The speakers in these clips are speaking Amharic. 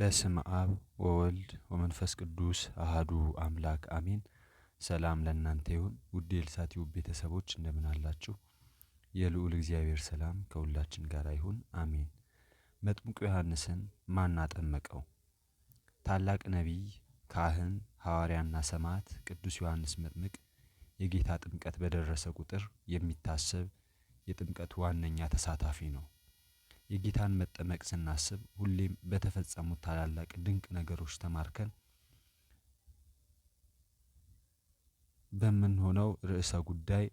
በስም አብ ወወልድ ወመንፈስ ቅዱስ አሃዱ አምላክ አሜን። ሰላም ለእናንተ ይሁን ውድ የልሳቲው ቤተሰቦች እንደምን አላችሁ? የልዑል እግዚአብሔር ሰላም ከሁላችን ጋር ይሁን አሜን። መጥምቁ ዮሐንስን ማን አጠመቀው? ታላቅ ነቢይ፣ ካህን፣ ሐዋርያና ሰማዕት ቅዱስ ዮሐንስ መጥምቅ የጌታ ጥምቀት በደረሰ ቁጥር የሚታሰብ የጥምቀቱ ዋነኛ ተሳታፊ ነው። የጌታን መጠመቅ ስናስብ ሁሌም በተፈጸሙት ታላላቅ ድንቅ ነገሮች ተማርከን በምንሆነው ርዕሰ ጉዳይ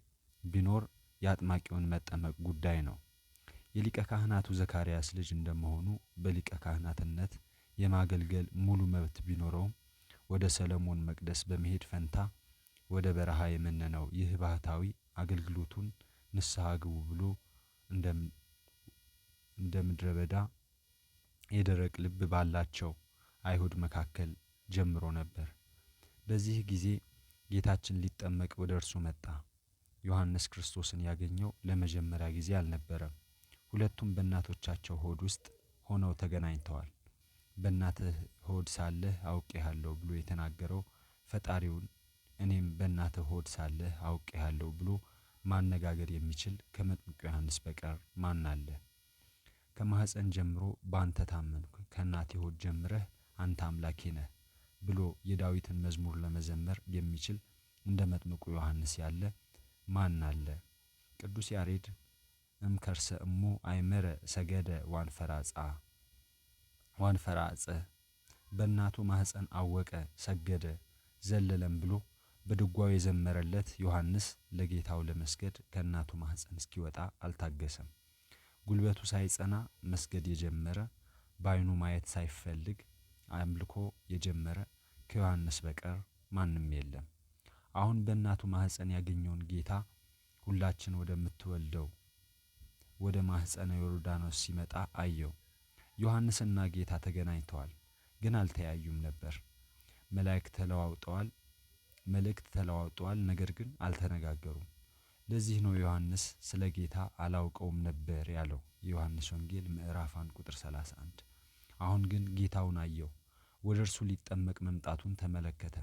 ቢኖር የአጥማቂውን መጠመቅ ጉዳይ ነው። የሊቀ ካህናቱ ዘካርያስ ልጅ እንደመሆኑ በሊቀ ካህናትነት የማገልገል ሙሉ መብት ቢኖረውም ወደ ሰለሞን መቅደስ በመሄድ ፈንታ ወደ በረሃ የመነነው ይህ ባህታዊ አገልግሎቱን ንስሐ ግቡ ብሎ እንደ ምድረ በዳ የደረቅ ልብ ባላቸው አይሁድ መካከል ጀምሮ ነበር። በዚህ ጊዜ ጌታችን ሊጠመቅ ወደ እርሱ መጣ። ዮሐንስ ክርስቶስን ያገኘው ለመጀመሪያ ጊዜ አልነበረም። ሁለቱም በእናቶቻቸው ሆድ ውስጥ ሆነው ተገናኝተዋል። በእናትህ ሆድ ሳለህ አውቄሃለሁ ብሎ የተናገረው ፈጣሪውን እኔም በእናትህ ሆድ ሳለህ አውቄሃለሁ ብሎ ማነጋገር የሚችል ከመጥምቁ ዮሐንስ በቀር ማን አለ? ከማህፀን ጀምሮ በአንተ ታመንኩ ከእናቴ ሆድ ጀምረህ አንተ አምላኬ ነህ ብሎ የዳዊትን መዝሙር ለመዘመር የሚችል እንደ መጥምቁ ዮሐንስ ያለ ማን አለ? ቅዱስ ያሬድ እምከርሰ እሞ አይመረ ሰገደ ዋንፈራጻ ዋንፈራጸ በእናቱ ማህፀን አወቀ ሰገደ ዘለለም ብሎ በድጓው የዘመረለት ዮሐንስ ለጌታው ለመስገድ ከእናቱ ማህፀን እስኪወጣ አልታገሰም። ጉልበቱ ሳይጸና መስገድ የጀመረ በአይኑ ማየት ሳይፈልግ አምልኮ የጀመረ ከዮሐንስ በቀር ማንም የለም። አሁን በእናቱ ማህፀን ያገኘውን ጌታ ሁላችን ወደምትወልደው ወደ ማህፀነ ዮርዳኖስ ሲመጣ አየው። ዮሐንስና ጌታ ተገናኝተዋል፣ ግን አልተያዩም ነበር። መላእክት ተለዋውጠዋል መልእክት ተለዋውጠዋል፣ ነገር ግን አልተነጋገሩም። ለዚህ ነው ዮሐንስ ስለ ጌታ አላውቀውም ነበር ያለው የዮሐንስ ወንጌል ምዕራፍ 1 ቁጥር 31። አሁን ግን ጌታውን አየው፣ ወደ እርሱ ሊጠመቅ መምጣቱን ተመለከተ።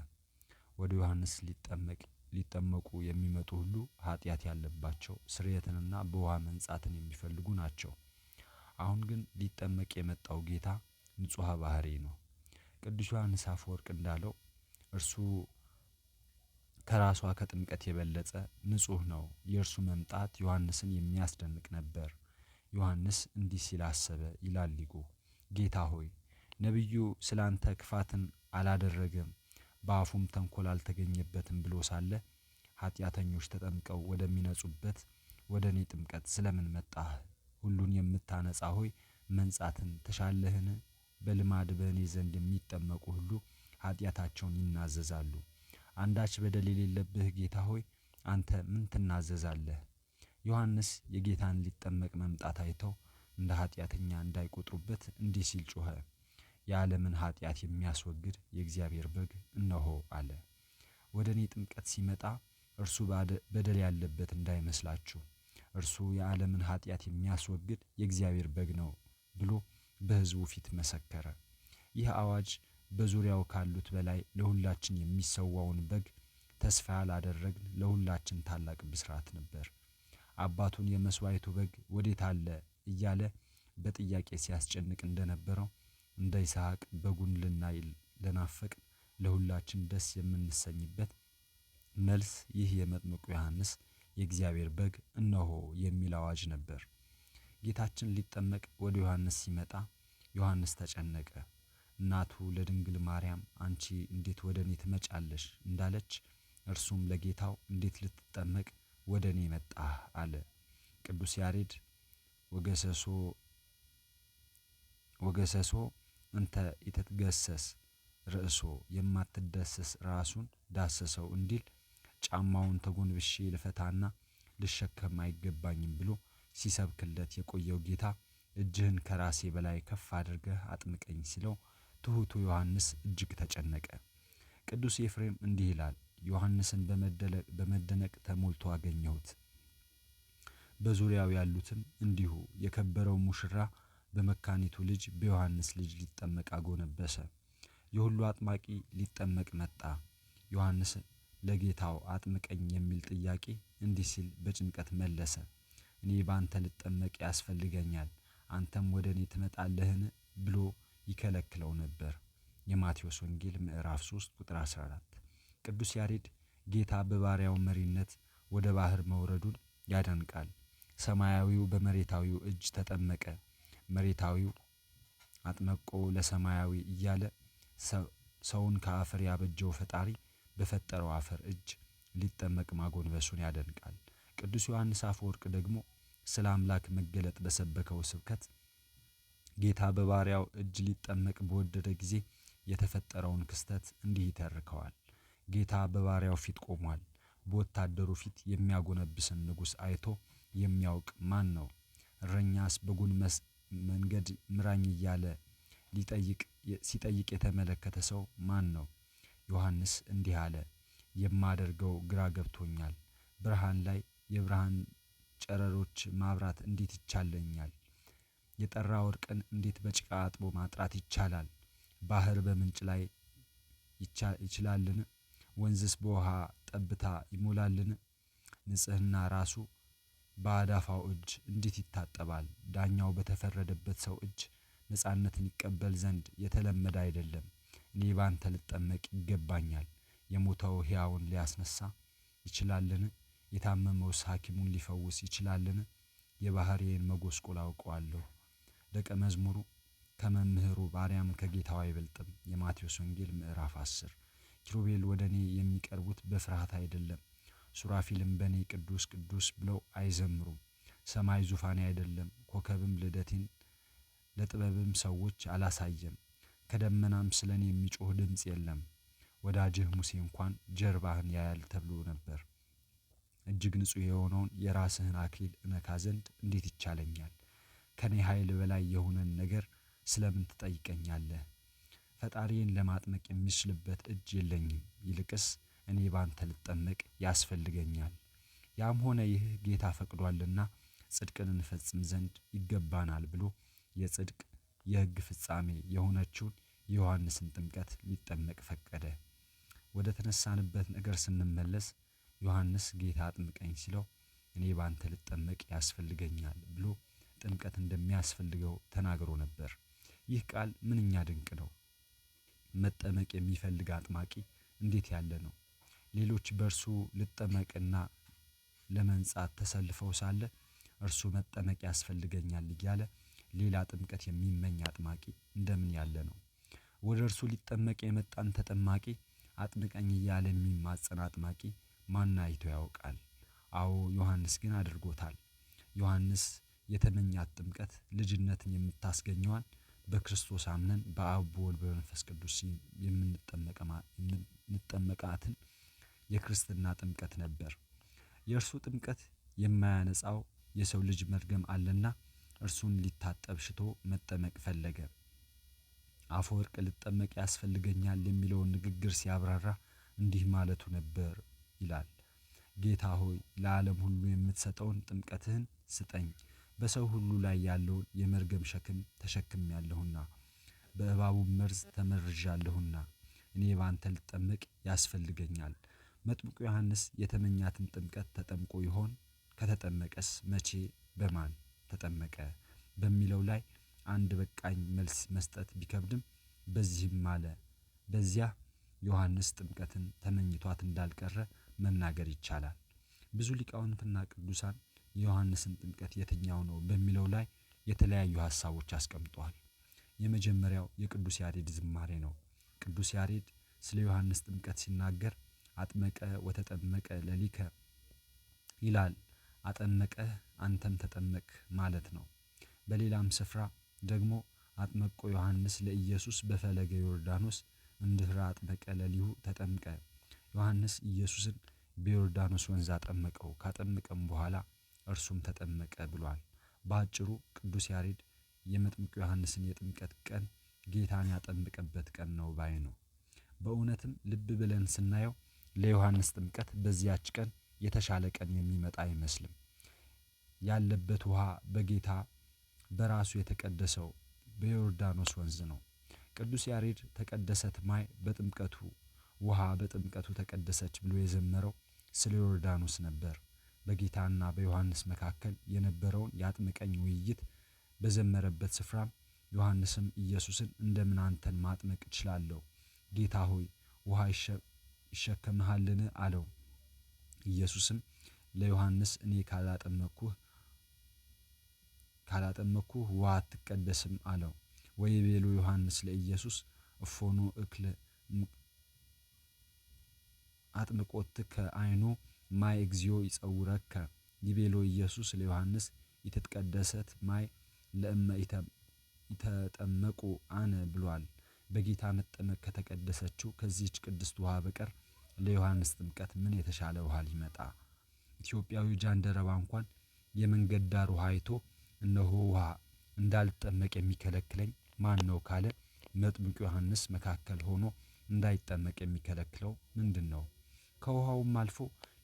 ወደ ዮሐንስ ሊጠመቅ ሊጠመቁ የሚመጡ ሁሉ ኃጢአት ያለባቸው ስርየትንና በውሃ መንጻትን የሚፈልጉ ናቸው። አሁን ግን ሊጠመቅ የመጣው ጌታ ንጹሐ ባህሪ ነው። ቅዱስ ዮሐንስ አፈወርቅ እንዳለው እርሱ ከራሷ ከጥምቀት የበለጠ ንጹህ ነው። የእርሱ መምጣት ዮሐንስን የሚያስደንቅ ነበር። ዮሐንስ እንዲህ ሲል አሰበ ይላል ሊቁ። ጌታ ሆይ ነቢዩ ስለ አንተ ክፋትን አላደረገም በአፉም ተንኮል አልተገኘበትም ብሎ ሳለ ኃጢአተኞች ተጠምቀው ወደሚነጹበት ወደ እኔ ጥምቀት ስለምን መጣህ? ሁሉን የምታነጻ ሆይ መንጻትን ተሻለህን? በልማድ በእኔ ዘንድ የሚጠመቁ ሁሉ ኃጢአታቸውን ይናዘዛሉ። አንዳች በደል የሌለብህ ጌታ ሆይ አንተ ምን ትናዘዛለህ? ዮሐንስ የጌታን ሊጠመቅ መምጣት አይተው እንደ ኃጢአተኛ እንዳይቆጥሩበት እንዲህ ሲል ጮኸ። የዓለምን ኃጢአት የሚያስወግድ የእግዚአብሔር በግ እነሆ አለ። ወደ እኔ ጥምቀት ሲመጣ እርሱ በደል ያለበት እንዳይመስላችሁ፣ እርሱ የዓለምን ኃጢአት የሚያስወግድ የእግዚአብሔር በግ ነው ብሎ በሕዝቡ ፊት መሰከረ። ይህ አዋጅ በዙሪያው ካሉት በላይ ለሁላችን የሚሰዋውን በግ ተስፋ ያላደረግን ለሁላችን ታላቅ ብስራት ነበር። አባቱን የመስዋዕቱ በግ ወዴት አለ እያለ በጥያቄ ሲያስጨንቅ እንደነበረው እንደ ይስሐቅ በጉን ልናይ ለናፈቅ ለሁላችን ደስ የምንሰኝበት መልስ ይህ የመጥምቁ ዮሐንስ የእግዚአብሔር በግ እነሆ የሚል አዋጅ ነበር። ጌታችን ሊጠመቅ ወደ ዮሐንስ ሲመጣ ዮሐንስ ተጨነቀ። እናቱ ለድንግል ማርያም አንቺ እንዴት ወደ እኔ ትመጫለሽ እንዳለች እርሱም ለጌታው እንዴት ልትጠመቅ ወደ እኔ መጣህ አለ። ቅዱስ ያሬድ ወገሰሶ ወገሰሶ እንተ የተገሰስ ርእሶ የማትዳሰስ ራሱን ዳሰሰው እንዲል ጫማውን ተጎንብሼ ልፈታና ልሸከም አይገባኝም ብሎ ሲሰብክለት የቆየው ጌታ እጅህን ከራሴ በላይ ከፍ አድርገህ አጥምቀኝ ሲለው ትሑቱ ዮሐንስ እጅግ ተጨነቀ። ቅዱስ ኤፍሬም እንዲህ ይላል፣ ዮሐንስን በመደነቅ ተሞልቶ አገኘሁት። በዙሪያው ያሉትም እንዲሁ። የከበረው ሙሽራ በመካኒቱ ልጅ በዮሐንስ ልጅ ሊጠመቅ አጎነበሰ። የሁሉ አጥማቂ ሊጠመቅ መጣ። ዮሐንስ ለጌታው አጥምቀኝ የሚል ጥያቄ እንዲህ ሲል በጭንቀት መለሰ፣ እኔ በአንተ ልጠመቅ ያስፈልገኛል፣ አንተም ወደ እኔ ትመጣለህን? ብሎ ይከለክለው ነበር። የማቴዎስ ወንጌል ምዕራፍ 3 ቁጥር 14። ቅዱስ ያሬድ ጌታ በባሪያው መሪነት ወደ ባህር መውረዱን ያደንቃል። ሰማያዊው በመሬታዊው እጅ ተጠመቀ፣ መሬታዊው አጥመቆ ለሰማያዊ እያለ ሰውን ከአፈር ያበጀው ፈጣሪ በፈጠረው አፈር እጅ ሊጠመቅ ማጎንበሱን ያደንቃል። ቅዱስ ዮሐንስ አፈወርቅ ደግሞ ስለ አምላክ መገለጥ በሰበከው ስብከት ጌታ በባሪያው እጅ ሊጠመቅ በወደደ ጊዜ የተፈጠረውን ክስተት እንዲህ ይተርከዋል። ጌታ በባሪያው ፊት ቆሟል። በወታደሩ ፊት የሚያጎነብስን ንጉሥ አይቶ የሚያውቅ ማን ነው? እረኛስ በጉን መንገድ ምራኝ እያለ ሲጠይቅ የተመለከተ ሰው ማን ነው? ዮሐንስ እንዲህ አለ፣ የማደርገው ግራ ገብቶኛል። ብርሃን ላይ የብርሃን ጨረሮች ማብራት እንዴት ይቻለኛል? የጠራ ወርቅን እንዴት በጭቃ አጥቦ ማጥራት ይቻላል? ባህር በምንጭ ላይ ይችላልን? ወንዝስ በውሃ ጠብታ ይሞላልን? ንጽህና ራሱ በአዳፋው እጅ እንዴት ይታጠባል? ዳኛው በተፈረደበት ሰው እጅ ነፃነትን ይቀበል ዘንድ የተለመደ አይደለም። እኔ ባንተ ልጠመቅ ይገባኛል። የሞተው ሕያውን ሊያስነሳ ይችላልን? የታመመውስ ሐኪሙን ሊፈውስ ይችላልን? የባህርዬን መጎስቆል አውቀዋለሁ ደቀ መዝሙሩ ከመምህሩ ባሪያም ከጌታው አይበልጥም። የማቴዎስ ወንጌል ምዕራፍ 10 ኪሩቤል ወደ እኔ የሚቀርቡት በፍርሃት አይደለም፣ ሱራፊልም በእኔ ቅዱስ ቅዱስ ብለው አይዘምሩም። ሰማይ ዙፋኔ አይደለም፣ ኮከብም ልደቴን ለጥበብም ሰዎች አላሳየም። ከደመናም ስለ እኔ የሚጮህ ድምፅ የለም። ወዳጅህ ሙሴ እንኳን ጀርባህን ያያል ተብሎ ነበር። እጅግ ንጹሕ የሆነውን የራስህን አክሊል እነካ ዘንድ እንዴት ይቻለኛል? ከኔ ኃይል በላይ የሆነን ነገር ስለምን ትጠይቀኛለህ? ፈጣሪን ለማጥመቅ የሚችልበት እጅ የለኝም። ይልቅስ እኔ ባንተ ልጠመቅ ያስፈልገኛል። ያም ሆነ ይህ ጌታ ፈቅዷልና ጽድቅን እንፈጽም ዘንድ ይገባናል ብሎ የጽድቅ የሕግ ፍጻሜ የሆነችውን የዮሐንስን ጥምቀት ሊጠመቅ ፈቀደ። ወደ ተነሳንበት ነገር ስንመለስ ዮሐንስ ጌታ አጥምቀኝ ሲለው እኔ ባንተ ልጠመቅ ያስፈልገኛል ብሎ ጥምቀት እንደሚያስፈልገው ተናግሮ ነበር። ይህ ቃል ምንኛ ድንቅ ነው! መጠመቅ የሚፈልግ አጥማቂ እንዴት ያለ ነው! ሌሎች በእርሱ ልጠመቅና ለመንጻት ተሰልፈው ሳለ እርሱ መጠመቅ ያስፈልገኛል እያለ ሌላ ጥምቀት የሚመኝ አጥማቂ እንደምን ያለ ነው! ወደ እርሱ ሊጠመቅ የመጣን ተጠማቂ አጥምቀኝ እያለ የሚማጸን አጥማቂ ማን አይቶ ያውቃል? አዎ ዮሐንስ ግን አድርጎታል። ዮሐንስ የተመኛት ጥምቀት ልጅነትን የምታስገኘዋን በክርስቶስ አምነን በአብ በወልድ በመንፈስ ቅዱስ የምንጠመቃትን የክርስትና ጥምቀት ነበር። የእርሱ ጥምቀት የማያነጻው የሰው ልጅ መርገም አለና እርሱን ሊታጠብ ሽቶ መጠመቅ ፈለገ። አፈወርቅ ልጠመቅ ያስፈልገኛል የሚለውን ንግግር ሲያብራራ እንዲህ ማለቱ ነበር ይላል። ጌታ ሆይ ለዓለም ሁሉ የምትሰጠውን ጥምቀትህን ስጠኝ በሰው ሁሉ ላይ ያለውን የመርገም ሸክም ተሸክም ያለሁና በእባቡ መርዝ ተመርዣለሁና እኔ ባንተ ልጠመቅ ያስፈልገኛል። መጥምቁ ዮሐንስ የተመኛትን ጥምቀት ተጠምቆ ይሆን? ከተጠመቀስ መቼ፣ በማን ተጠመቀ? በሚለው ላይ አንድ በቃኝ መልስ መስጠት ቢከብድም በዚህም አለ በዚያ ዮሐንስ ጥምቀትን ተመኝቷት እንዳልቀረ መናገር ይቻላል። ብዙ ሊቃውንትና ቅዱሳን የዮሐንስን ጥምቀት የትኛው ነው በሚለው ላይ የተለያዩ ሀሳቦች አስቀምጧል። የመጀመሪያው የቅዱስ ያሬድ ዝማሬ ነው። ቅዱስ ያሬድ ስለ ዮሐንስ ጥምቀት ሲናገር አጥመቀ ወተጠመቀ ለሊከ ይላል። አጠመቀህ አንተም ተጠመቅ ማለት ነው። በሌላም ስፍራ ደግሞ አጥመቆ ዮሐንስ ለኢየሱስ በፈለገ ዮርዳኖስ እንድኅራ አጥመቀ ለሊሁ ተጠምቀ ዮሐንስ ኢየሱስን በዮርዳኖስ ወንዝ አጠመቀው። ካጠመቀም በኋላ እርሱም ተጠመቀ ብሏል። በአጭሩ ቅዱስ ያሬድ የመጥምቁ ዮሐንስን የጥምቀት ቀን ጌታን ያጠምቀበት ቀን ነው ባይ ነው። በእውነትም ልብ ብለን ስናየው ለዮሐንስ ጥምቀት በዚያች ቀን የተሻለ ቀን የሚመጣ አይመስልም። ያለበት ውሃ በጌታ በራሱ የተቀደሰው በዮርዳኖስ ወንዝ ነው። ቅዱስ ያሬድ ተቀደሰት ማይ በጥምቀቱ ውሃ በጥምቀቱ ተቀደሰች ብሎ የዘመረው ስለ ዮርዳኖስ ነበር። በጌታና በዮሐንስ መካከል የነበረውን የአጥምቀኝ ውይይት በዘመረበት ስፍራ ዮሐንስም ኢየሱስን እንደምን አንተን ማጥመቅ እችላለሁ? ጌታ ሆይ ውሃ ይሸከምሃልን? አለው። ኢየሱስም ለዮሐንስ እኔ ካላጠመቅኩህ ካላጠመቅኩህ ውሃ አትቀደስም አለው። ቤሉ ዮሐንስ ለኢየሱስ እፎኑ እክል አጥምቆት ከአይኑ ማይ እግዚኦ ይጸውረከ ይቤሎ ኢየሱስ ለዮሐንስ የተቀደሰት ማይ ለእመ ይተጠመቁ አነ ብሏል። በጌታ መጠመቅ ከተቀደሰችው ከዚህች ቅድስት ውሃ በቀር ለዮሐንስ ጥምቀት ምን የተሻለ ውሃ ሊመጣ? ኢትዮጵያዊ ጃንደረባ እንኳን የመንገድ ዳር ውሃ አይቶ እነሆ ውሃ እንዳልጠመቅ የሚከለክለኝ ማን ነው ካለ መጥምቅ ዮሐንስ መካከል ሆኖ እንዳይጠመቅ የሚከለክለው ምንድን ነው? ከውሃውም አልፎ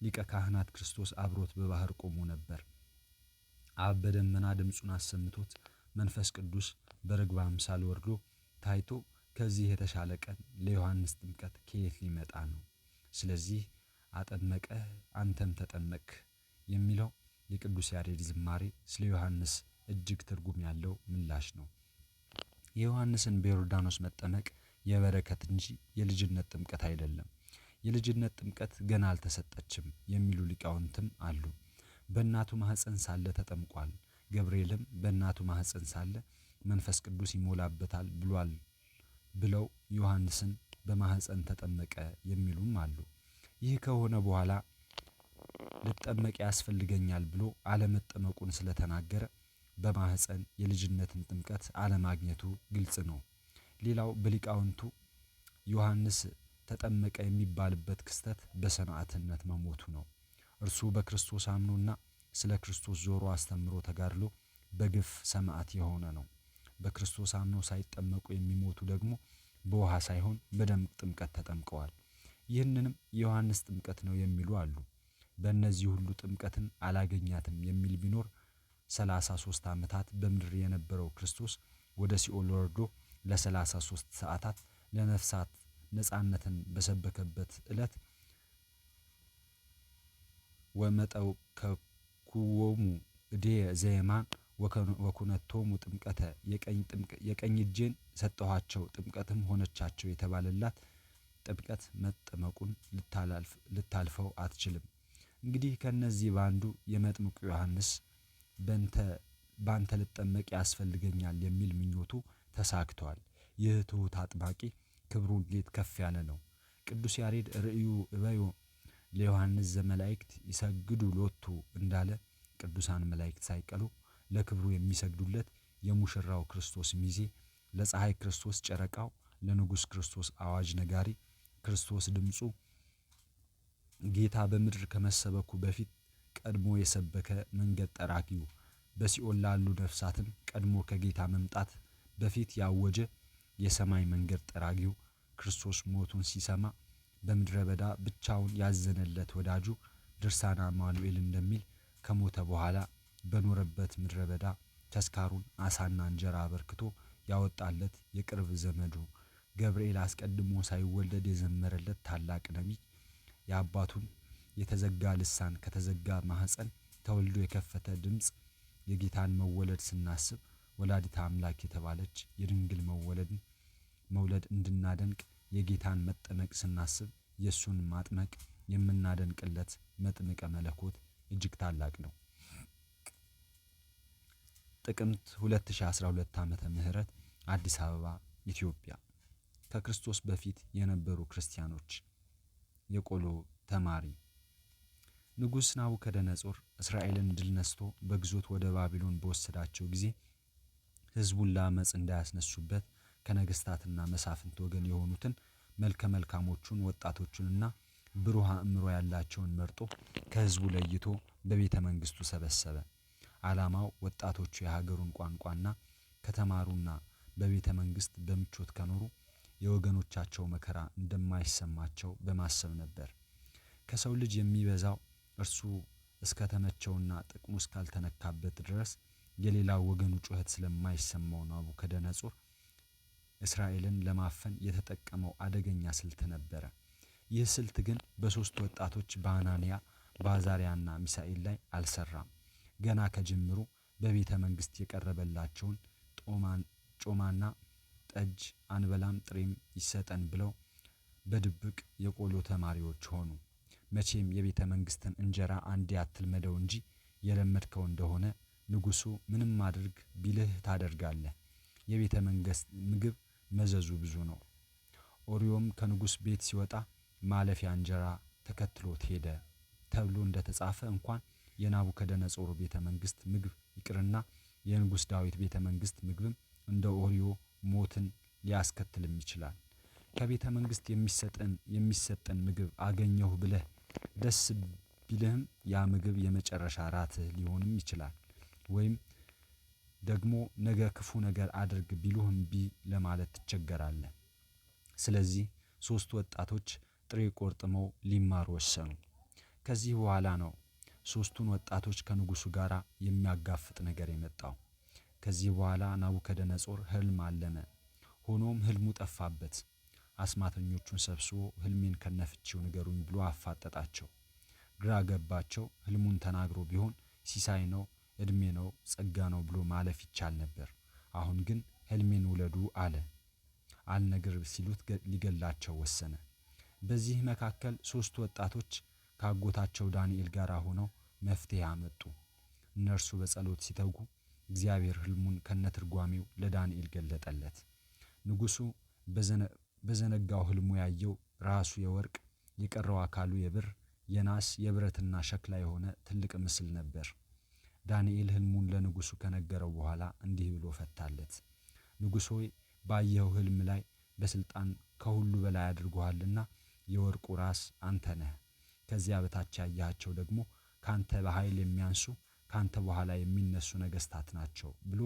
ሊቀ ካህናት ክርስቶስ አብሮት በባህር ቆሞ ነበር። አብ በደመና ድምፁን አሰምቶት መንፈስ ቅዱስ በርግብ አምሳል ወርዶ ታይቶ ከዚህ የተሻለ ቀን ለዮሐንስ ጥምቀት ከየት ሊመጣ ነው? ስለዚህ አጠመቀ አንተም ተጠመቅ የሚለው የቅዱስ ያሬድ ዝማሬ ስለ ዮሐንስ እጅግ ትርጉም ያለው ምላሽ ነው። የዮሐንስን በዮርዳኖስ መጠመቅ የበረከት እንጂ የልጅነት ጥምቀት አይደለም። የልጅነት ጥምቀት ገና አልተሰጠችም የሚሉ ሊቃውንትም አሉ። በእናቱ ማህፀን ሳለ ተጠምቋል፣ ገብርኤልም በእናቱ ማህፀን ሳለ መንፈስ ቅዱስ ይሞላበታል ብሏል ብለው ዮሐንስን በማህፀን ተጠመቀ የሚሉም አሉ። ይህ ከሆነ በኋላ ልጠመቅ ያስፈልገኛል ብሎ አለመጠመቁን ስለተናገረ በማህፀን የልጅነትን ጥምቀት አለማግኘቱ ግልጽ ነው። ሌላው በሊቃውንቱ ዮሐንስ ተጠመቀ የሚባልበት ክስተት በሰማዕትነት መሞቱ ነው። እርሱ በክርስቶስ አምኖና ስለ ክርስቶስ ዞሮ አስተምሮ ተጋድሎ በግፍ ሰማዕት የሆነ ነው። በክርስቶስ አምኖ ሳይጠመቁ የሚሞቱ ደግሞ በውሃ ሳይሆን በደም ጥምቀት ተጠምቀዋል። ይህንንም የዮሐንስ ጥምቀት ነው የሚሉ አሉ። በእነዚህ ሁሉ ጥምቀትን አላገኛትም የሚል ቢኖር ሰላሳ ሶስት ዓመታት በምድር የነበረው ክርስቶስ ወደ ሲኦል ወርዶ ለሰላሳ ሶስት ሰዓታት ለነፍሳት ነጻነትን በሰበከበት ዕለት ወመጠው እዴ እድየ ዘየማን ወኩነቶሙ ጥምቀተ የቀኝ እጄን ሰጠኋቸው ጥምቀትም ሆነቻቸው የተባለላት ጥምቀት መጠመቁን ልታልፈው አትችልም። እንግዲህ ከነዚህ በአንዱ የመጥምቁ ዮሐንስ በአንተ ልጠመቅ ያስፈልገኛል የሚል ምኞቱ ተሳክቷል። ይህ ትሑት አጥማቂ ክብሩ እንዴት ከፍ ያለ ነው። ቅዱስ ያሬድ ርእዩ እበዩ ለዮሐንስ ዘመላእክት ይሰግዱ ሎቱ እንዳለ ቅዱሳን መላእክት ሳይቀሉ ለክብሩ የሚሰግዱለት የሙሽራው ክርስቶስ ሚዜ፣ ለፀሐይ ክርስቶስ ጨረቃው፣ ለንጉሥ ክርስቶስ አዋጅ ነጋሪ፣ ክርስቶስ ድምፁ፣ ጌታ በምድር ከመሰበኩ በፊት ቀድሞ የሰበከ መንገድ ጠራጊው፣ በሲኦል ላሉ ነፍሳትም ቀድሞ ከጌታ መምጣት በፊት ያወጀ የሰማይ መንገድ ጠራጊው ክርስቶስ ሞቱን ሲሰማ በምድረ በዳ ብቻውን ያዘነለት ወዳጁ ድርሳነ አማኑኤል እንደሚል ከሞተ በኋላ በኖረበት ምድረ በዳ ተስካሩን አሳና እንጀራ አበርክቶ ያወጣለት የቅርብ ዘመዱ ገብርኤል አስቀድሞ ሳይወለድ የዘመረለት ታላቅ ነቢይ የአባቱን የተዘጋ ልሳን ከተዘጋ ማህፀን ተወልዶ የከፈተ ድምፅ የጌታን መወለድ ስናስብ ወላዲተ አምላክ የተባለች የድንግል መወለድን መውለድ እንድናደንቅ የጌታን መጠመቅ ስናስብ የእሱን ማጥመቅ የምናደንቅለት መጥምቀ መለኮት እጅግ ታላቅ ነው። ጥቅምት 2012 ዓመተ ምህረት አዲስ አበባ ኢትዮጵያ። ከክርስቶስ በፊት የነበሩ ክርስቲያኖች የቆሎ ተማሪ ንጉሥ ናቡከደነጾር እስራኤልን ድል ነስቶ በግዞት ወደ ባቢሎን በወሰዳቸው ጊዜ ህዝቡን ለአመፅ እንዳያስነሱበት ከነገስታትና መሳፍንት ወገን የሆኑትን መልከ መልካሞቹን ወጣቶቹንና ብሩህ አእምሮ ያላቸውን መርጦ ከህዝቡ ለይቶ በቤተ መንግስቱ ሰበሰበ። ዓላማው ወጣቶቹ የሀገሩን ቋንቋና ከተማሩና በቤተ መንግስት በምቾት ከኖሩ የወገኖቻቸው መከራ እንደማይሰማቸው በማሰብ ነበር። ከሰው ልጅ የሚበዛው እርሱ እስከተመቸውና ጥቅሙ እስካልተነካበት ድረስ የሌላ ወገኑ ጩኸት ስለማይሰማው ናቡከደነጾር እስራኤልን ለማፈን የተጠቀመው አደገኛ ስልት ነበረ። ይህ ስልት ግን በሶስት ወጣቶች በአናንያ በአዛሪያና ሚሳኤል ላይ አልሰራም። ገና ከጅምሩ በቤተ መንግስት የቀረበላቸውን ጮማና ጠጅ አንበላም፣ ጥሬም ይሰጠን ብለው በድብቅ የቆሎ ተማሪዎች ሆኑ። መቼም የቤተ መንግስትን እንጀራ አንድ ያትልመደው እንጂ የለመድከው እንደሆነ ንጉሱ ምንም አድርግ ቢልህ ታደርጋለህ። የቤተ መንግስት ምግብ መዘዙ ብዙ ነው። ኦሪዮም ከንጉስ ቤት ሲወጣ ማለፊያ እንጀራ ተከትሎት ሄደ ተብሎ እንደተጻፈ እንኳን የናቡከደነጾር ቤተ መንግስት ምግብ ይቅርና የንጉስ ዳዊት ቤተ መንግስት ምግብም እንደ ኦሪዮ ሞትን ሊያስከትልም ይችላል። ከቤተ መንግስት የሚሰጠን የሚሰጠን ምግብ አገኘሁ ብለህ ደስ ቢልህም ያ ምግብ የመጨረሻ ራትህ ሊሆንም ይችላል። ወይም ደግሞ ነገ ክፉ ነገር አድርግ ቢሉህ እምቢ ለማለት ትቸገራለህ። ስለዚህ ሶስት ወጣቶች ጥሬ ቆርጥመው ሊማሩ ወሰኑ። ከዚህ በኋላ ነው ሶስቱን ወጣቶች ከንጉሱ ጋራ የሚያጋፍጥ ነገር የመጣው። ከዚህ በኋላ ናቡከደነጾር ህልም አለመ። ሆኖም ህልሙ ጠፋበት። አስማተኞቹን ሰብስቦ ህልሜን ከነፍቺው ንገሩኝ ብሎ አፋጠጣቸው። ግራ ገባቸው። ህልሙን ተናግሮ ቢሆን ሲሳይ ነው እድሜ ነው ጸጋ ነው ብሎ ማለፍ ይቻል ነበር። አሁን ግን ሕልሜን ውለዱ አለ። አልነግር ሲሉት ሊገላቸው ወሰነ። በዚህ መካከል ሶስት ወጣቶች ካጎታቸው ዳንኤል ጋር ሆነው መፍትሄ አመጡ። እነርሱ በጸሎት ሲተጉ እግዚአብሔር ህልሙን ከነትርጓሜው ለዳንኤል ገለጠለት። ንጉሱ በዘነጋው ሕልሙ ያየው ራሱ የወርቅ የቀረው አካሉ የብር፣ የናስ፣ የብረትና ሸክላ የሆነ ትልቅ ምስል ነበር። ዳንኤል ህልሙን ለንጉሱ ከነገረው በኋላ እንዲህ ብሎ ፈታለት። ንጉሥ ሆይ ባየኸው ህልም ላይ በስልጣን ከሁሉ በላይ አድርጎሃልና የወርቁ ራስ አንተ ነህ። ከዚያ በታች ያያቸው ደግሞ ካንተ በኃይል የሚያንሱ ካንተ በኋላ የሚነሱ ነገስታት ናቸው ብሎ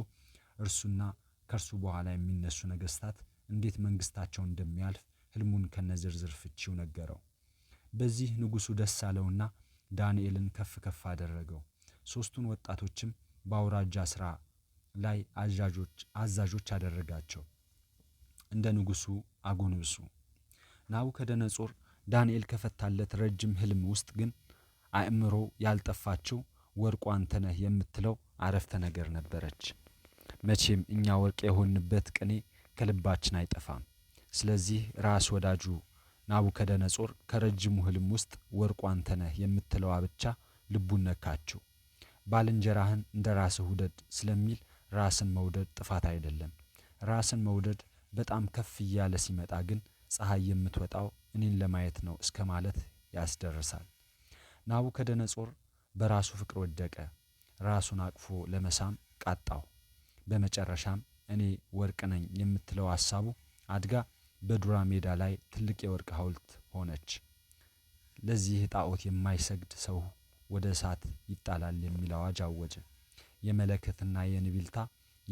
እርሱና ከእርሱ በኋላ የሚነሱ ነገስታት እንዴት መንግስታቸው እንደሚያልፍ ህልሙን ከነዝርዝር ፍቺው ነገረው። በዚህ ንጉሱ ደስ አለውና ዳንኤልን ከፍ ከፍ አደረገው። ሶስቱን ወጣቶችም በአውራጃ ስራ ላይ አዛዦች አዛዦች አደረጋቸው። እንደ ንጉሱ አጎንብሱ። ናቡከደነጾር ዳንኤል ከፈታለት ረጅም ህልም ውስጥ ግን አእምሮ ያልጠፋችው ወርቁ አንተነህ የምትለው አረፍተ ነገር ነበረች። መቼም እኛ ወርቅ የሆንበት ቅኔ ከልባችን አይጠፋም። ስለዚህ ራስ ወዳጁ ናቡከደነጾር ከረጅሙ ህልም ውስጥ ወርቁ አንተነህ የምትለዋ ብቻ ልቡን ነካችው። ባልንጀራህን እንደ ራስህ ውደድ ስለሚል ራስን መውደድ ጥፋት አይደለም። ራስን መውደድ በጣም ከፍ እያለ ሲመጣ ግን ፀሐይ የምትወጣው እኔን ለማየት ነው እስከ ማለት ያስደርሳል። ናቡከደነጾር በራሱ ፍቅር ወደቀ። ራሱን አቅፎ ለመሳም ቃጣው። በመጨረሻም እኔ ወርቅ ነኝ የምትለው ሐሳቡ አድጋ በዱራ ሜዳ ላይ ትልቅ የወርቅ ሐውልት ሆነች። ለዚህ ጣዖት የማይሰግድ ሰው ወደ እሳት ይጣላል የሚል አዋጅ አወጀ። የመለከትና የንቢልታ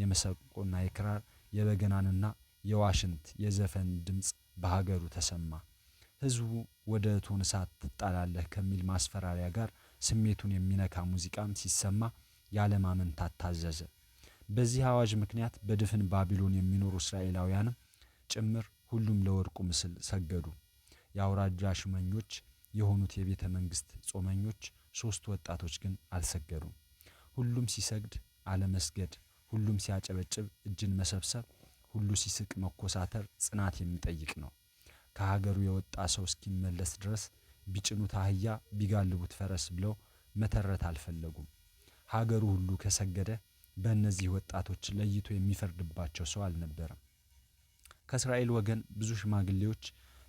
የመሰቆና የክራር የበገናንና የዋሽንት የዘፈን ድምጽ በሀገሩ ተሰማ። ህዝቡ ወደ እቶን እሳት ትጣላለህ ከሚል ማስፈራሪያ ጋር ስሜቱን የሚነካ ሙዚቃም ሲሰማ ያለማመንታት ታዘዘ። በዚህ አዋጅ ምክንያት በድፍን ባቢሎን የሚኖሩ እስራኤላውያንም ጭምር ሁሉም ለወርቁ ምስል ሰገዱ። የአውራጃ ሹመኞች የሆኑት የቤተ መንግስት ጾመኞች ሶስት ወጣቶች ግን አልሰገዱም። ሁሉም ሲሰግድ አለመስገድ፣ ሁሉም ሲያጨበጭብ እጅን መሰብሰብ፣ ሁሉ ሲስቅ መኮሳተር ጽናት የሚጠይቅ ነው። ከሀገሩ የወጣ ሰው እስኪመለስ ድረስ ቢጭኑት አህያ ቢጋልቡት ፈረስ ብለው መተረት አልፈለጉም። ሀገሩ ሁሉ ከሰገደ በእነዚህ ወጣቶች ለይቶ የሚፈርድባቸው ሰው አልነበረም። ከእስራኤል ወገን ብዙ ሽማግሌዎች፣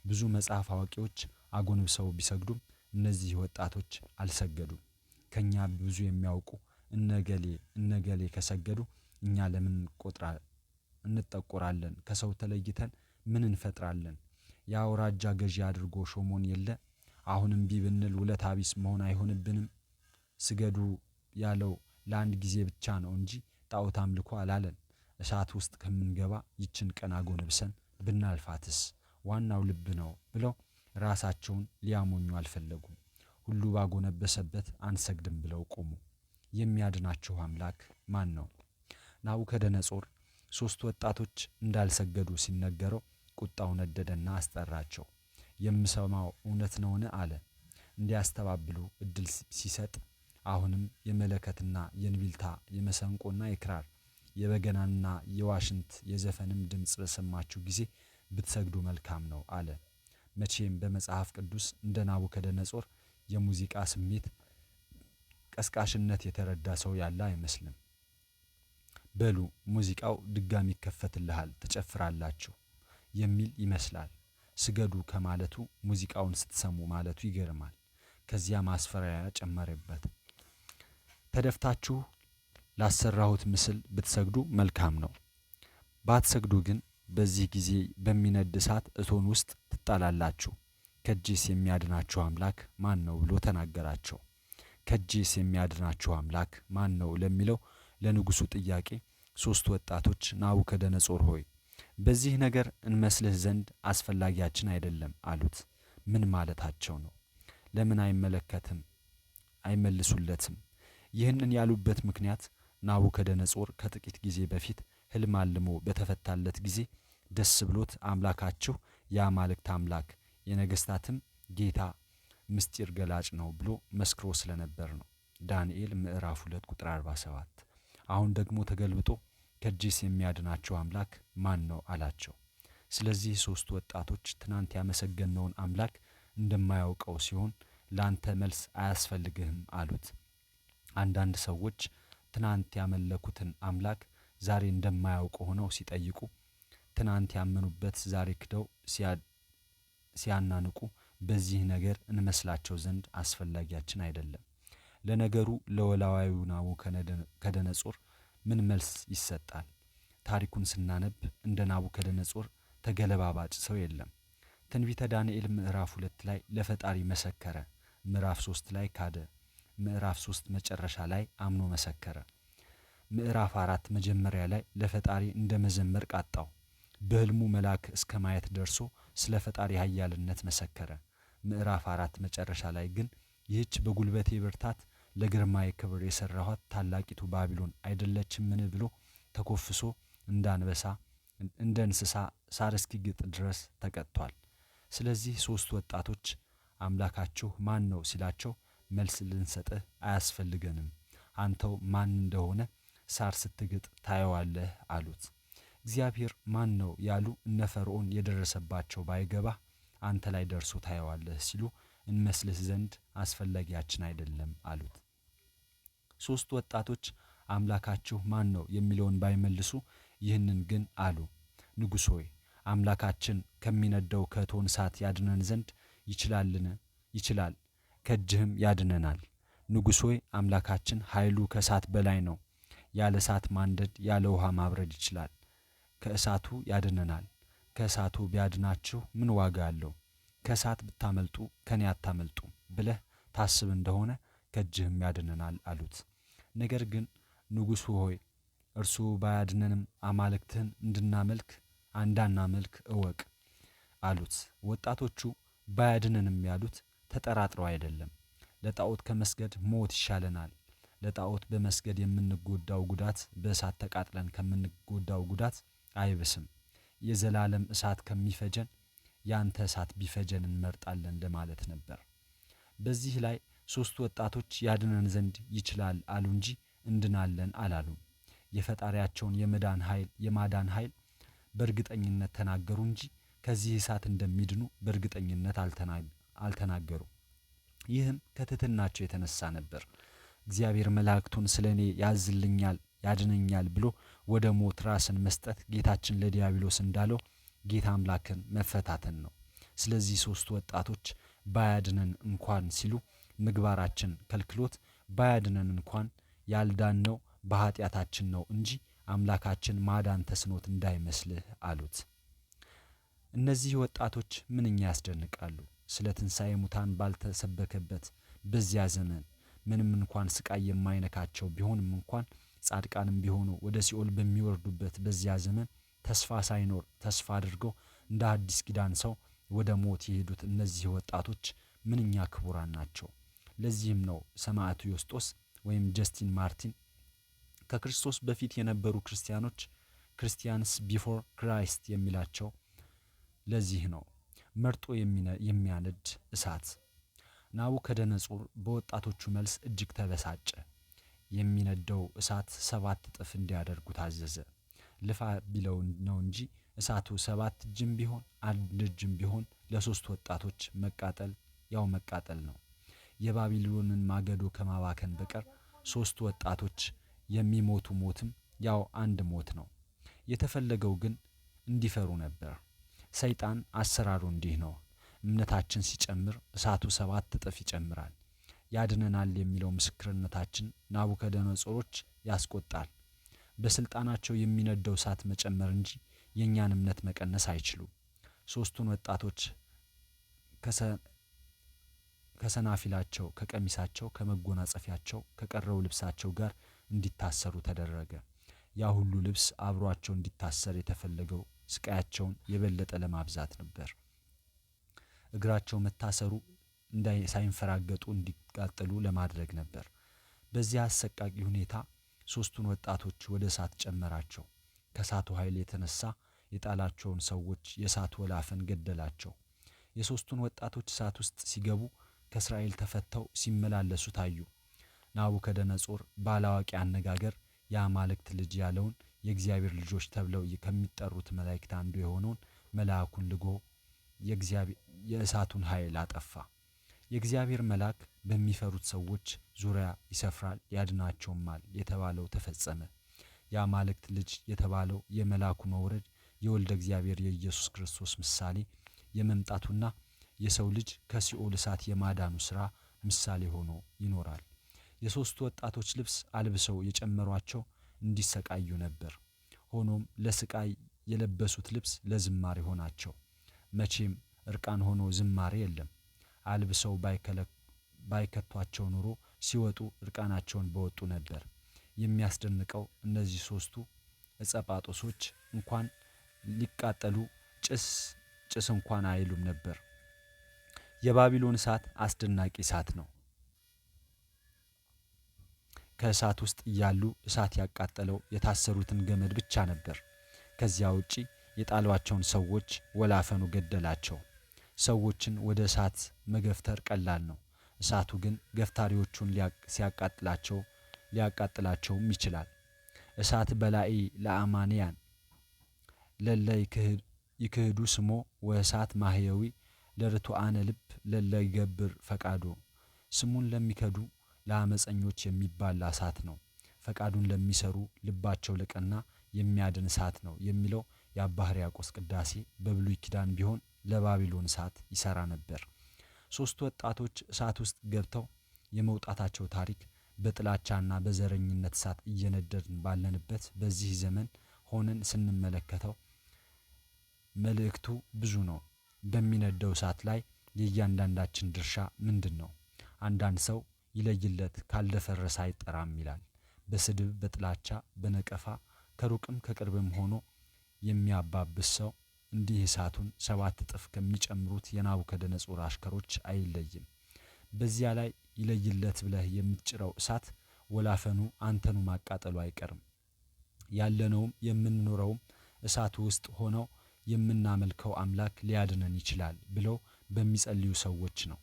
ብዙ መጽሐፍ አዋቂዎች አጎንብሰው ቢሰግዱም እነዚህ ወጣቶች አልሰገዱም። ከኛ ብዙ የሚያውቁ እነገሌ እነገሌ ከሰገዱ እኛ ለምን ቆጥራ እንጠቆራለን ከሰው ተለይተን ምን እንፈጥራለን? የአውራጃ ገዢ አድርጎ ሾሞን የለ አሁንም ቢብንል ብንል ውለታ ቢስ መሆን አይሆንብንም? ስገዱ ያለው ለአንድ ጊዜ ብቻ ነው እንጂ ጣዖት አምልኮ አላለን። እሳት ውስጥ ከምንገባ ይችን ቀን አጎንብሰን ብናልፋትስ ዋናው ልብ ነው ብለው ራሳቸውን ሊያሞኙ አልፈለጉም። ሁሉ ባጎነበሰበት አንሰግድም ብለው ቆሙ። የሚያድናችሁ አምላክ ማን ነው? ናቡከደነጾር ሦስት ወጣቶች እንዳልሰገዱ ሲነገረው ቁጣው ነደደና አስጠራቸው። የምሰማው እውነት ነውን? አለ። እንዲያስተባብሉ እድል ሲሰጥ አሁንም የመለከትና የንቢልታ የመሰንቆና የክራር የበገናና የዋሽንት የዘፈንም ድምፅ በሰማችሁ ጊዜ ብትሰግዱ መልካም ነው አለ። መቼም በመጽሐፍ ቅዱስ እንደ ናቡከደነጾር የሙዚቃ ስሜት ቀስቃሽነት የተረዳ ሰው ያለ አይመስልም። በሉ ሙዚቃው ድጋሚ ይከፈትልሃል ትጨፍራላችሁ የሚል ይመስላል። ስገዱ ከማለቱ ሙዚቃውን ስትሰሙ ማለቱ ይገርማል። ከዚያ ማስፈራሪያ ጨመረበት። ተደፍታችሁ ላሰራሁት ምስል ብትሰግዱ መልካም ነው፣ ባትሰግዱ ግን በዚህ ጊዜ በሚነድ እሳት እቶን ውስጥ ትጣላላችሁ። ከእጄስ የሚያድናችሁ አምላክ ማን ነው ብሎ ተናገራቸው። ከእጄስ የሚያድናችሁ አምላክ ማን ነው ለሚለው ለንጉሱ ጥያቄ ሶስት ወጣቶች ናቡከደነጾር ሆይ በዚህ ነገር እንመስልህ ዘንድ አስፈላጊያችን አይደለም አሉት። ምን ማለታቸው ነው? ለምን አይመለከትም? አይመልሱለትም? ይህንን ያሉበት ምክንያት ናቡከደነጾር ከጥቂት ጊዜ በፊት ህልም አልሞ በተፈታለት ጊዜ ደስ ብሎት አምላካችሁ የአማልክት አምላክ የነገስታትም ጌታ ምስጢር ገላጭ ነው ብሎ መስክሮ ስለነበር ነው። ዳንኤል ምዕራፍ 2 ቁጥር 47። አሁን ደግሞ ተገልብጦ ከእጄስ የሚያድናቸው አምላክ ማን ነው አላቸው። ስለዚህ ሶስት ወጣቶች ትናንት ያመሰገነውን አምላክ እንደማያውቀው ሲሆን ላንተ መልስ አያስፈልግህም አሉት። አንዳንድ ሰዎች ትናንት ያመለኩትን አምላክ ዛሬ እንደማያውቁ ሆነው ሲጠይቁ፣ ትናንት ያመኑበት ዛሬ ክደው ሲያናንቁ በዚህ ነገር እንመስላቸው ዘንድ አስፈላጊያችን አይደለም። ለነገሩ ለወላዋዊው ከደነጾር ምን መልስ ይሰጣል? ታሪኩን ስናነብ እንደ ናቡ ከደነጾር ተገለባባጭ ሰው የለም። ትንቢተ ዳንኤል ምዕራፍ ሁለት ላይ ለፈጣሪ መሰከረ። ምዕራፍ ሶስት ላይ ካደ። ምዕራፍ ሶስት መጨረሻ ላይ አምኖ መሰከረ። ምዕራፍ አራት መጀመሪያ ላይ ለፈጣሪ እንደ መዘመር ቃጣው። በህልሙ መልአክ እስከ ማየት ደርሶ ስለ ፈጣሪ ኃያልነት መሰከረ። ምዕራፍ አራት መጨረሻ ላይ ግን ይህች በጉልበቴ ብርታት ለግርማዬ ክብር የሰራኋት ታላቂቱ ባቢሎን አይደለችምን ብሎ ተኮፍሶ እንደ እንደ እንስሳ ሳር እስኪግጥ ድረስ ተቀጥቷል። ስለዚህ ሦስት ወጣቶች አምላካችሁ ማን ነው ሲላቸው መልስ ልንሰጥህ አያስፈልገንም፣ አንተው ማን እንደሆነ ሳር ስትግጥ ታየዋለህ አሉት። እግዚአብሔር ማን ነው ያሉ እነ ፈርዖን የደረሰባቸው ባይገባ አንተ ላይ ደርሶ ታየዋለህ ሲሉ እንመስልህ ዘንድ አስፈላጊያችን አይደለም አሉት። ሦስት ወጣቶች አምላካችሁ ማን ነው የሚለውን ባይመልሱ ይህንን ግን አሉ። ንጉሥ ሆይ አምላካችን ከሚነደው ከእቶን እሳት ያድነን ዘንድ ይችላልን? ይችላል፣ ከእጅህም ያድነናል። ንጉሥ ሆይ አምላካችን ኃይሉ ከእሳት በላይ ነው ያለ እሳት ማንደድ፣ ያለ ውሃ ማብረድ ይችላል። ከእሳቱ ያድነናል። ከእሳቱ ቢያድናችሁ ምን ዋጋ አለው? ከእሳት ብታመልጡ ከኔ አታመልጡ ብለህ ታስብ እንደሆነ ከእጅህም ያድነናል አሉት። ነገር ግን ንጉሡ ሆይ እርሱ ባያድነንም አማልክትህን እንድናመልክ እንዳናመልክ እወቅ አሉት። ወጣቶቹ ባያድነንም ያሉት ተጠራጥረው አይደለም። ለጣዖት ከመስገድ ሞት ይሻለናል ለጣዖት በመስገድ የምንጎዳው ጉዳት በእሳት ተቃጥለን ከምንጎዳው ጉዳት አይብስም። የዘላለም እሳት ከሚፈጀን ያንተ እሳት ቢፈጀን እንመርጣለን ለማለት ነበር። በዚህ ላይ ሶስት ወጣቶች ያድነን ዘንድ ይችላል አሉ እንጂ እንድናለን አላሉም። የፈጣሪያቸውን የመዳን ኃይል የማዳን ኃይል በእርግጠኝነት ተናገሩ እንጂ ከዚህ እሳት እንደሚድኑ በእርግጠኝነት አልተናገሩ። ይህም ከትህትናቸው የተነሳ ነበር። እግዚአብሔር መላእክቱን ስለ እኔ ያዝልኛል ያድነኛል ብሎ ወደ ሞት ራስን መስጠት ጌታችን ለዲያብሎስ እንዳለው ጌታ አምላክን መፈታተን ነው። ስለዚህ ሶስቱ ወጣቶች ባያድነን እንኳን ሲሉ ምግባራችን ከልክሎት ባያድነን እንኳን ያልዳነው በኃጢአታችን ነው እንጂ አምላካችን ማዳን ተስኖት እንዳይመስልህ አሉት። እነዚህ ወጣቶች ምንኛ ያስደንቃሉ! ስለ ትንሣኤ ሙታን ባልተሰበከበት በዚያ ዘመን ምንም እንኳን ስቃይ የማይነካቸው ቢሆንም እንኳን ጻድቃንም ቢሆኑ ወደ ሲኦል በሚወርዱበት በዚያ ዘመን ተስፋ ሳይኖር ተስፋ አድርገው እንደ አዲስ ኪዳን ሰው ወደ ሞት የሄዱት እነዚህ ወጣቶች ምንኛ ክቡራን ናቸው። ለዚህም ነው ሰማዕቱ ዮስጦስ ወይም ጀስቲን ማርቲን ከክርስቶስ በፊት የነበሩ ክርስቲያኖች ክርስቲያንስ ቢፎር ክራይስት የሚላቸው ለዚህ ነው። መርጦ የሚያነድ እሳት ናቡከደነጾር በወጣቶቹ መልስ እጅግ ተበሳጨ። የሚነደው እሳት ሰባት እጥፍ እንዲያደርጉ ታዘዘ። ልፋ ቢለው ነው እንጂ እሳቱ ሰባት እጅም ቢሆን አንድ እጅም ቢሆን ለሶስት ወጣቶች መቃጠል ያው መቃጠል ነው። የባቢሎንን ማገዶ ከማባከን በቀር ሶስት ወጣቶች የሚሞቱ ሞትም ያው አንድ ሞት ነው። የተፈለገው ግን እንዲፈሩ ነበር። ሰይጣን አሰራሩ እንዲህ ነው። እምነታችን ሲጨምር እሳቱ ሰባት እጥፍ ይጨምራል። ያድነናል የሚለው ምስክርነታችን ናቡከደነጾሮች ያስቆጣል። በስልጣናቸው የሚነደው እሳት መጨመር እንጂ የእኛን እምነት መቀነስ አይችሉም። ሶስቱን ወጣቶች ከሰናፊላቸው፣ ከቀሚሳቸው፣ ከመጎናጸፊያቸው፣ ከቀረው ልብሳቸው ጋር እንዲታሰሩ ተደረገ። ያ ሁሉ ልብስ አብሯቸው እንዲታሰር የተፈለገው ስቃያቸውን የበለጠ ለማብዛት ነበር። እግራቸው መታሰሩ ሳይንፈራገጡ እንዲቃጠሉ ለማድረግ ነበር። በዚህ አሰቃቂ ሁኔታ ሦስቱን ወጣቶች ወደ እሳት ጨመራቸው። ከእሳቱ ኃይል የተነሳ የጣላቸውን ሰዎች የእሳት ወላፈን ገደላቸው። የሦስቱን ወጣቶች እሳት ውስጥ ሲገቡ ከእስራኤል ተፈተው ሲመላለሱ ታዩ። ናቡከደነጾር ባላዋቂ አነጋገር የአማልክት ልጅ ያለውን የእግዚአብሔር ልጆች ተብለው ከሚጠሩት መላእክት አንዱ የሆነውን መልአኩን ልጎ የእሳቱን ኃይል አጠፋ። የእግዚአብሔር መልአክ በሚፈሩት ሰዎች ዙሪያ ይሰፍራል ያድናቸውማል የተባለው ተፈጸመ። የአማልክት ልጅ የተባለው የመልአኩ መውረድ የወልደ እግዚአብሔር የኢየሱስ ክርስቶስ ምሳሌ የመምጣቱና የሰው ልጅ ከሲኦል እሳት የማዳኑ ሥራ ምሳሌ ሆኖ ይኖራል። የሦስቱ ወጣቶች ልብስ አልብሰው የጨመሯቸው እንዲሰቃዩ ነበር። ሆኖም ለስቃይ የለበሱት ልብስ ለዝማሬ ሆናቸው። መቼም እርቃን ሆኖ ዝማሬ የለም። አልብሰው ባይከቷቸው ኑሮ ሲወጡ እርቃናቸውን በወጡ ነበር። የሚያስደንቀው እነዚህ ሶስቱ እጸጳጦሶች እንኳን ሊቃጠሉ ጭስ ጭስ እንኳን አይሉም ነበር። የባቢሎን እሳት አስደናቂ እሳት ነው። ከእሳት ውስጥ እያሉ እሳት ያቃጠለው የታሰሩትን ገመድ ብቻ ነበር። ከዚያ ውጪ የጣሏቸውን ሰዎች ወላፈኑ ገደላቸው። ሰዎችን ወደ እሳት መገፍተር ቀላል ነው። እሳቱ ግን ገፍታሪዎቹን ሲያቃጥላቸው ሊያቃጥላቸውም ይችላል። እሳት በላይ ለአማንያን ለለ ይክህዱ ስሞ ወእሳት ማህየዊ ለርቱዓነ ልብ ለለ ይገብር ፈቃዶ። ስሙን ለሚከዱ ለአመፀኞች የሚባል እሳት ነው፣ ፈቃዱን ለሚሰሩ ልባቸው ለቀና የሚያድን እሳት ነው የሚለው የአባ ሕርያቆስ ቅዳሴ በብሉይ ኪዳን ቢሆን ለባቢሎን እሳት ይሰራ ነበር። ሶስት ወጣቶች እሳት ውስጥ ገብተው የመውጣታቸው ታሪክ በጥላቻና በዘረኝነት እሳት እየነደድን ባለንበት በዚህ ዘመን ሆነን ስንመለከተው መልእክቱ ብዙ ነው። በሚነደው እሳት ላይ የእያንዳንዳችን ድርሻ ምንድን ነው? አንዳንድ ሰው ይለይለት ካልደፈረሰ አይጠራም ይላል። በስድብ፣ በጥላቻ፣ በነቀፋ ከሩቅም ከቅርብም ሆኖ የሚያባብስ ሰው እንዲህ እሳቱን ሰባት እጥፍ ከሚጨምሩት የናቡከደነጾር አሽከሮች አይለይም። በዚያ ላይ ይለይለት ብለህ የምትጭረው እሳት ወላፈኑ አንተኑ ማቃጠሉ አይቀርም። ያለነውም የምንኖረውም እሳቱ ውስጥ ሆነው የምናመልከው አምላክ ሊያድነን ይችላል ብለው በሚጸልዩ ሰዎች ነው።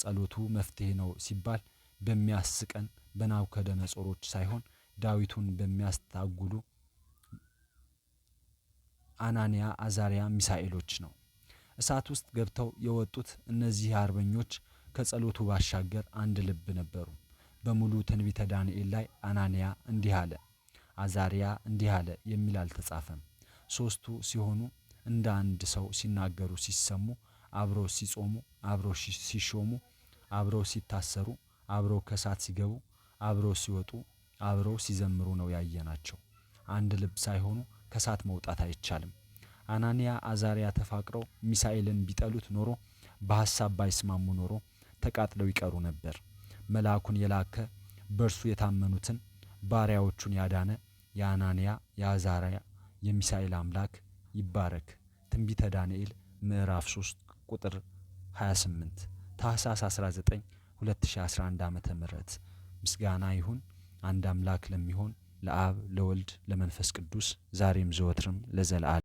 ጸሎቱ መፍትሄ ነው ሲባል በሚያስቀን በናቡከደነጾሮች ሳይሆን ዳዊቱን በሚያስታጉሉ አናንያ፣ አዛሪያ ሚሳኤሎች ነው። እሳት ውስጥ ገብተው የወጡት እነዚህ አርበኞች ከጸሎቱ ባሻገር አንድ ልብ ነበሩ። በሙሉ ትንቢተ ዳንኤል ላይ አናንያ እንዲህ አለ፣ አዛሪያ እንዲህ አለ የሚል አልተጻፈም። ሶስቱ ሲሆኑ እንደ አንድ ሰው ሲናገሩ ሲሰሙ፣ አብረው ሲጾሙ፣ አብረው ሲሾሙ፣ አብረው ሲታሰሩ፣ አብረው ከእሳት ሲገቡ፣ አብረው ሲወጡ፣ አብረው ሲዘምሩ ነው ያየናቸው። አንድ ልብ ሳይሆኑ ከእሳት መውጣት አይቻልም። አናንያ አዛሪያ ተፋቅረው ሚሳኤልን ቢጠሉት ኖሮ በሐሳብ ባይስማሙ ኖሮ ተቃጥለው ይቀሩ ነበር። መልአኩን የላከ በእርሱ የታመኑትን ባሪያዎቹን ያዳነ የአናንያ የአዛሪያ የሚሳኤል አምላክ ይባረክ። ትንቢተ ዳንኤል ምዕራፍ 3 ቁጥር 28 ታህሳስ 19 2011 ዓ ም ምስጋና ይሁን አንድ አምላክ ለሚሆን ለአብ ለወልድ ለመንፈስ ቅዱስ ዛሬም ዘወትርም ለዘለዓለም